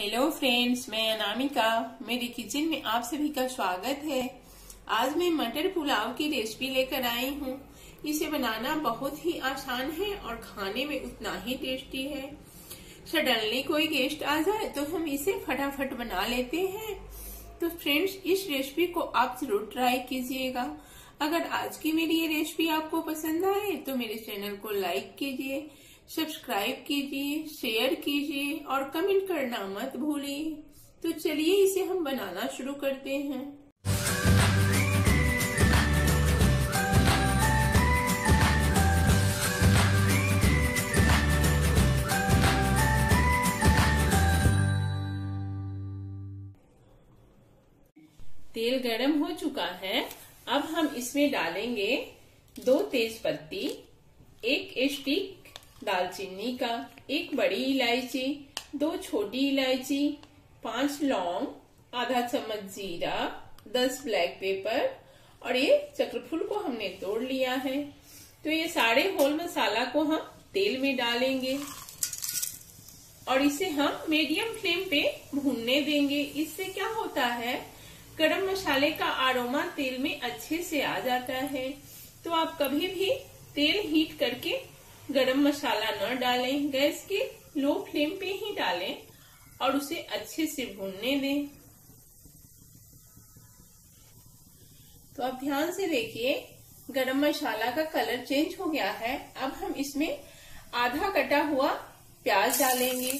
hello friends मैं अनामिका मेरी kitchen में आप सभी का स्वागत है आज मैं मटर पुलाव की रेसिपी लेकर आई हूँ इसे बनाना बहुत ही आसान है और खाने में उतना ही टेस्टी है सडनली कोई गेस्ट आ जाए तो हम इसे फटाफट बना लेते हैं तो फ्रेंड्स इस रेसिपी को आप जरूर ट्राई कीजिएगा अगर आज की मेरी ये रेसिपी आपको पसंद आए तो मेरे चैनल को लाइक कीजिए सब्सक्राइब कीजिए शेयर कीजिए और कमेंट करना मत भूलिए तो चलिए इसे हम बनाना शुरू करते हैं तेल गरम हो चुका है अब हम इसमें डालेंगे दो तेज पत्ती एक स्टिक दालचीनी का एक बड़ी इलायची दो छोटी इलायची पांच लौंग आधा चम्मच जीरा दस ब्लैक पेपर और ये चक्रफूल को हमने तोड़ लिया है तो ये सारे होल मसाला को हम तेल में डालेंगे और इसे हम मीडियम फ्लेम पे भूनने देंगे इससे क्या होता है गरम मसाले का आरोमा तेल में अच्छे से आ जाता है तो आप कभी भी तेल हीट करके गरम मसाला न डालें गैस के लो फ्लेम पे ही डालें और उसे अच्छे से भूनने दें तो आप ध्यान से देखिए गरम मसाला का कलर चेंज हो गया है अब हम इसमें आधा कटा हुआ प्याज डालेंगे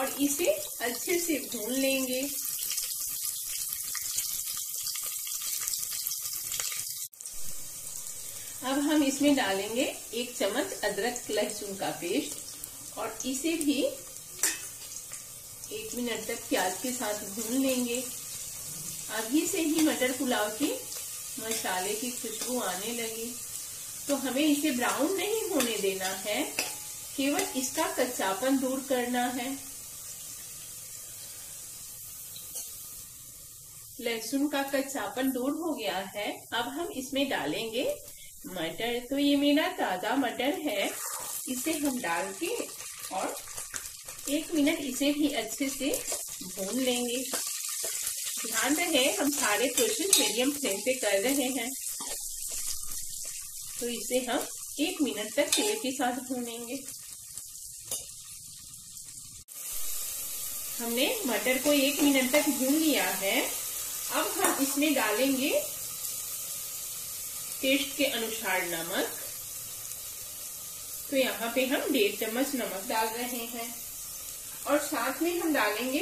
और इसे अच्छे से भून लेंगे अब हम इसमें डालेंगे एक चम्मच अदरक लहसुन का पेस्ट और इसे भी एक मिनट तक प्याज के साथ भून लेंगे अभी से ही मटर पुलाव के मसाले की खुशबू आने लगी तो हमें इसे ब्राउन नहीं होने देना है केवल इसका कच्चापन दूर करना है लहसुन का कच्चापन दूर हो गया है अब हम इसमें डालेंगे मटर तो ये मेरा ताज़ा मटर है इसे हम डाल के और एक मिनट इसे भी अच्छे से भून लेंगे ध्यान रहे हम सारे क्वेश्चन मीडियम फ्लेम पे कर रहे हैं तो इसे हम एक मिनट तक तेल के साथ भूनेंगे हमने मटर को एक मिनट तक भून लिया है अब हम इसमें डालेंगे टेस्ट के अनुसार नमक तो यहाँ पे हम डेढ़ चम्मच नमक डाल रहे हैं और साथ में हम डालेंगे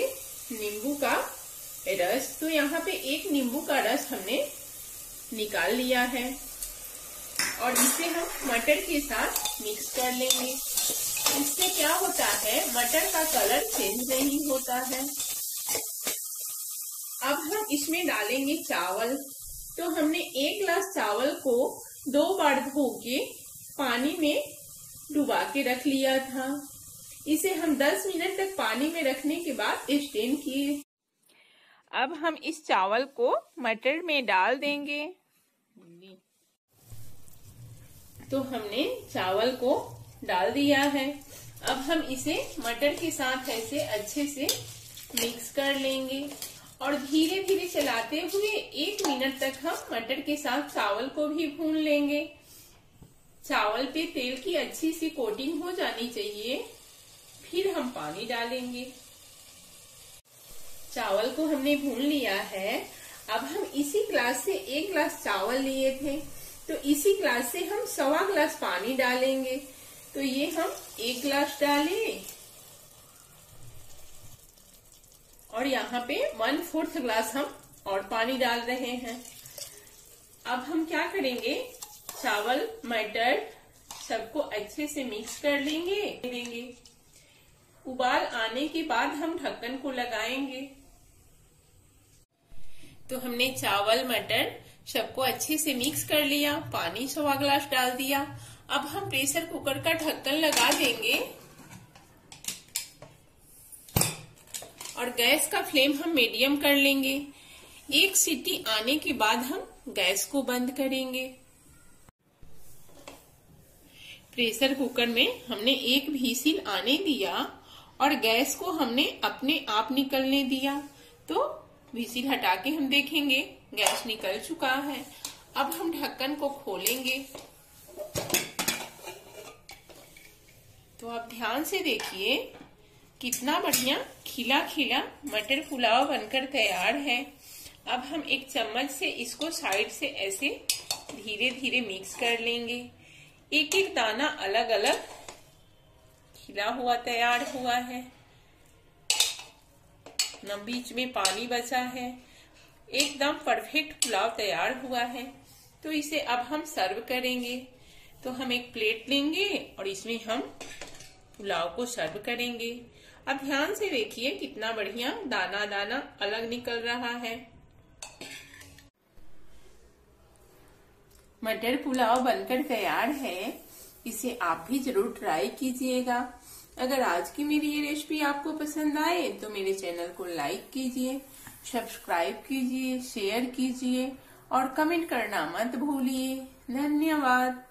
नींबू का रस तो यहाँ पे एक नींबू का रस हमने निकाल लिया है और इसे हम मटर के साथ मिक्स कर लेंगे इससे क्या होता है मटर का कलर चेंज नहीं होता है अब हम इसमें डालेंगे चावल तो हमने एक ग्लास चावल को दो बार धो के पानी में डुबा के रख लिया था इसे हम 10 मिनट तक पानी में रखने के बाद स्टेन किए अब हम इस चावल को मटर में डाल देंगे तो हमने चावल को डाल दिया है अब हम इसे मटर के साथ ऐसे अच्छे से मिक्स कर लेंगे और धीरे धीरे चलाते हुए एक मिनट तक हम मटर के साथ चावल को भी भून लेंगे चावल पे तेल की अच्छी सी कोटिंग हो जानी चाहिए फिर हम पानी डालेंगे चावल को हमने भून लिया है अब हम इसी ग्लास से एक ग्लास चावल लिए थे तो इसी ग्लास से हम सवा ग्लास पानी डालेंगे तो ये हम एक ग्लास डालें और यहाँ पे वन फोर्थ ग्लास हम और पानी डाल रहे हैं अब हम क्या करेंगे चावल मटर सबको अच्छे से मिक्स कर लेंगे देंगे उबाल आने के बाद हम ढक्कन को लगाएंगे तो हमने चावल मटर सबको अच्छे से मिक्स कर लिया पानी सवा ग्लास डाल दिया अब हम प्रेशर कुकर का ढक्कन लगा देंगे और गैस का फ्लेम हम मीडियम कर लेंगे एक सीटी आने के बाद हम गैस को बंद करेंगे प्रेशर कुकर में हमने एक भी सील आने दिया और गैस को हमने अपने आप निकलने दिया तो भीसील हटा के हम देखेंगे गैस निकल चुका है अब हम ढक्कन को खोलेंगे तो आप ध्यान से देखिए कितना बढ़िया खिला खिला मटर पुलाव बनकर तैयार है अब हम एक चम्मच से इसको साइड से ऐसे धीरे धीरे मिक्स कर लेंगे एक एक दाना अलग अलग खिला हुआ तैयार हुआ है न बीच में पानी बचा है एकदम परफेक्ट पुलाव तैयार हुआ है तो इसे अब हम सर्व करेंगे तो हम एक प्लेट लेंगे और इसमें हम पुलाव को सर्व करेंगे अब ध्यान से देखिए कितना बढ़िया दाना दाना अलग निकल रहा है मटर पुलाव बनकर तैयार है इसे आप भी जरूर ट्राई कीजिएगा अगर आज की मेरी ये रेसिपी आपको पसंद आए तो मेरे चैनल को लाइक कीजिए सब्सक्राइब कीजिए शेयर कीजिए और कमेंट करना मत भूलिए धन्यवाद